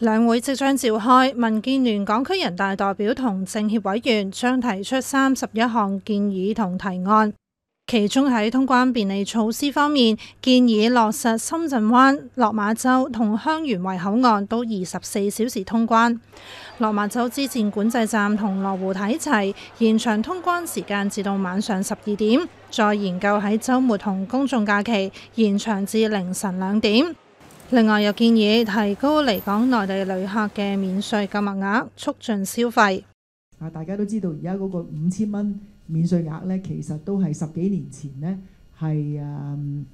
兩會即將召開，民建聯港區人大代表同政協委員將提出三十一項建議同提案，其中喺通關便利措施方面，建議落實深圳灣、落馬洲同香園圍口岸都二十四小時通關，落馬洲支線管制站同羅湖睇齊延長通關時間至到晚上十二點，再研究喺周末同公眾假期延長至凌晨兩點。另外又建議提高嚟港內地旅客嘅免稅購物額，促進消費。啊，大家都知道而家嗰個五千蚊免稅額呢，其實都係十幾年前呢係誒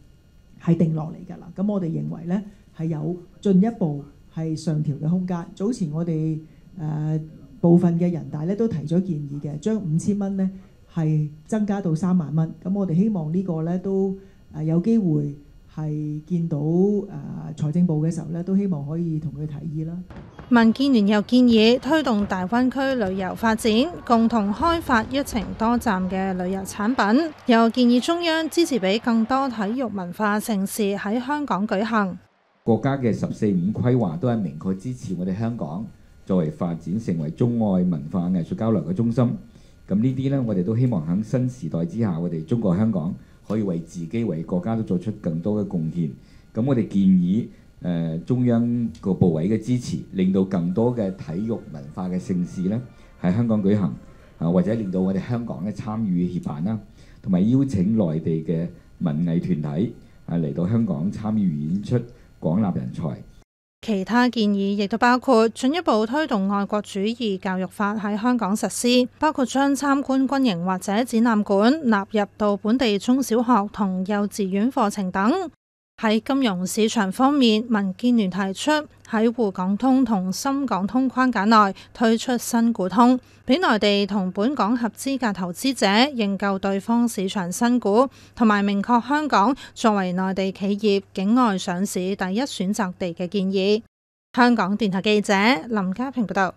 係定落嚟㗎啦。咁我哋認為呢係有進一步係上調嘅空間。早前我哋誒部分嘅人大呢都提咗建議嘅，將五千蚊呢係增加到三萬蚊。咁我哋希望呢個呢都誒有機會。係見到誒、呃、財政部嘅時候咧，都希望可以同佢提議啦。民建聯又建議推動大灣區旅遊發展，共同開發一程多站嘅旅遊產品。又建議中央支持俾更多體育文化盛事喺香港舉行。國家嘅十四五規劃都係明確支持我哋香港作為發展成為中外文化藝術交流嘅中心。咁呢啲呢，我哋都希望喺新時代之下，我哋中國香港。可以為自己為國家都作出更多嘅貢獻，咁我哋建議誒、呃、中央各部委嘅支持，令到更多嘅體育文化嘅盛事咧喺香港舉行，啊或者令到我哋香港咧參與協辦啦，同、啊、埋邀請內地嘅文藝團體啊嚟到香港參與演出，廣納人才。其他建議亦都包括進一步推動愛國主義教育法喺香港實施，包括將參觀軍營或者展覽館納入到本地中小學同幼稚園課程等。喺金融市場方面，民建聯提出喺滬港通同深港通框架內推出新股通，俾內地同本港合資格投資者認購對方市場新股，同埋明確香港作為內地企業境外上市第一選擇地嘅建議。香港電台記者林家平報道。